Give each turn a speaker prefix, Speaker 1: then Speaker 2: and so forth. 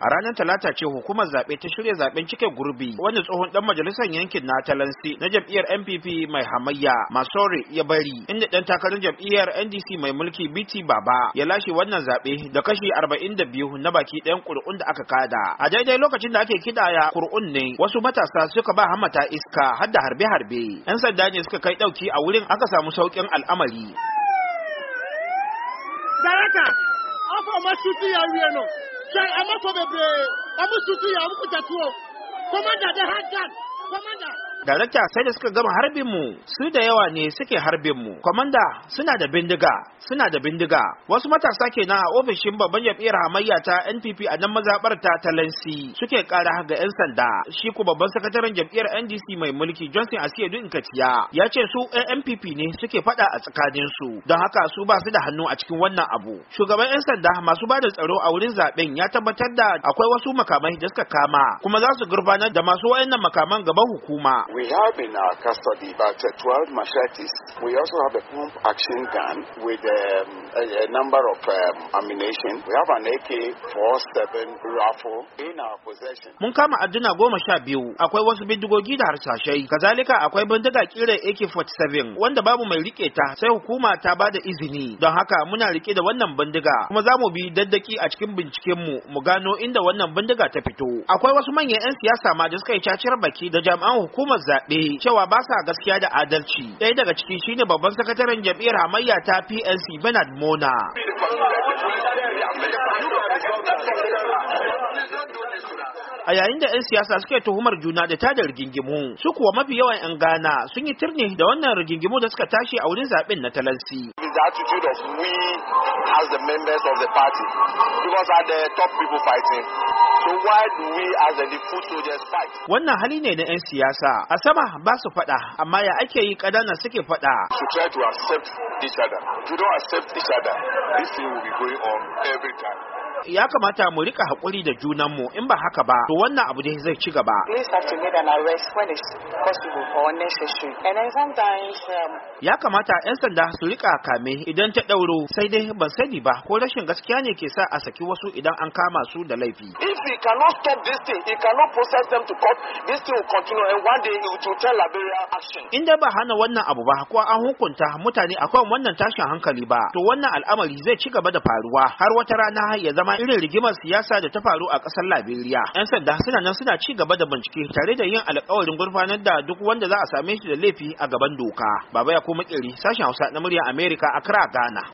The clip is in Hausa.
Speaker 1: a ranar talata ce hukumar zaɓe ta shirya zaɓen cikin gurbi wanda tsohon ɗan majalisar yankin na talansi na jam'iyyar npp mai hamayya masore ya bari inda ɗan takarar jam'iyyar ndc mai mulki bt baba ya lashe wannan zaɓe da kashi arba'in da biyu na baki ɗayan ƙuri'un da aka kada a daidai lokacin da ake kiɗaya ƙuri'un ne wasu matasa suka ba hamata iska har da harbe-harbe 'yan sanda ne suka kai ɗauki a wurin aka samu sauƙin al'amari. Daraka, sɛ ɛmɔfo bebree ɔmo susu yɛ ɔmo kuta tuo kɔmanda de ha gan kɔmanda. darakta sai da suka gama harbin mu su da yawa ne suke harbin mu komanda suna da bindiga suna da bindiga wasu matasa kenan a ofishin babban jam'iyyar hamayya ta NPP a nan mazabar ta Talansi suke kara ga yan sanda shi ko babban sakataren jam'iyyar NDC mai mulki Johnson Asiedu kaciya, ya ce su NPP ne suke fada a tsakanin su don haka su ba su da hannu a cikin wannan abu shugaban yan sanda masu ba da tsaro a wurin zaben ya tabbatar da akwai wasu makamai da suka kama kuma za su gurfanar da masu wayannan makaman gaban hukuma We have in our custody about 12 machetes. We also have a pump action gun with um, a number of um, ammunition. We have an AK-47 rifle in our possession. Mun kama adduna goma sha biyu, akwai wasu bindigogi da harsashai, kazalika akwai bindiga kira AK-47 wanda babu mai rike ta sai hukuma ta ba da izini. Don haka muna rike da wannan bindiga, kuma za mu bi daddaki a cikin binciken mu Mu gano inda wannan bindiga ta fito. Akwai wasu manyan 'yan siyasa ma da suka yi caciyar baki da jami'an hukumar zaɓe cewa ba sa gaskiya da adalci. Ɗaya daga ciki shine babban sakataren jam'iyyar hamayya ta PNC Bernard Mo Mona. a yayin da 'yan siyasa suka yi tuhumar juna da tada rigingimu su kuwa mafi yawan 'yan Ghana sun yi turni da wannan rigingimu da suka tashi a wurin zaben na talansi. The attitude of we as the members of the party because are the top people fighting So why do we as a foot soldiers fight? Wannan hali ne na 'yan siyasa. A sama ba su faɗa, amma ya ake yi ƙadana suke faɗa. To try to accept each other. If you don't accept each other, this thing will be going on every time. ya kamata mu rika haƙuri da junanmu in ba haka ba to wannan abu dai zai ci gaba um, ya kamata 'yan sanda su rika kame idan ta ɗauro sai dai ban sani ba ko rashin gaskiya ne ke sa a saki wasu idan an kama su da laifi if we cannot stop this thing we cannot process them to court this thing will continue and one day it will tell Liberia action in ba hana wannan abu ba ko an hukunta mutane akwai wannan tashin hankali ba to wannan al'amari zai ci gaba da faruwa har wata rana ya zama ma irin rigimar siyasa da ta faru a ƙasar Liberia. 'Yan sanda suna nan suna ci gaba da bincike tare da yin alƙawarin gurfanar da duk wanda za a same shi da laifi a gaban doka. Baba ya kuma makeri sashen Hausa na murya Amerika Accra, Ghana.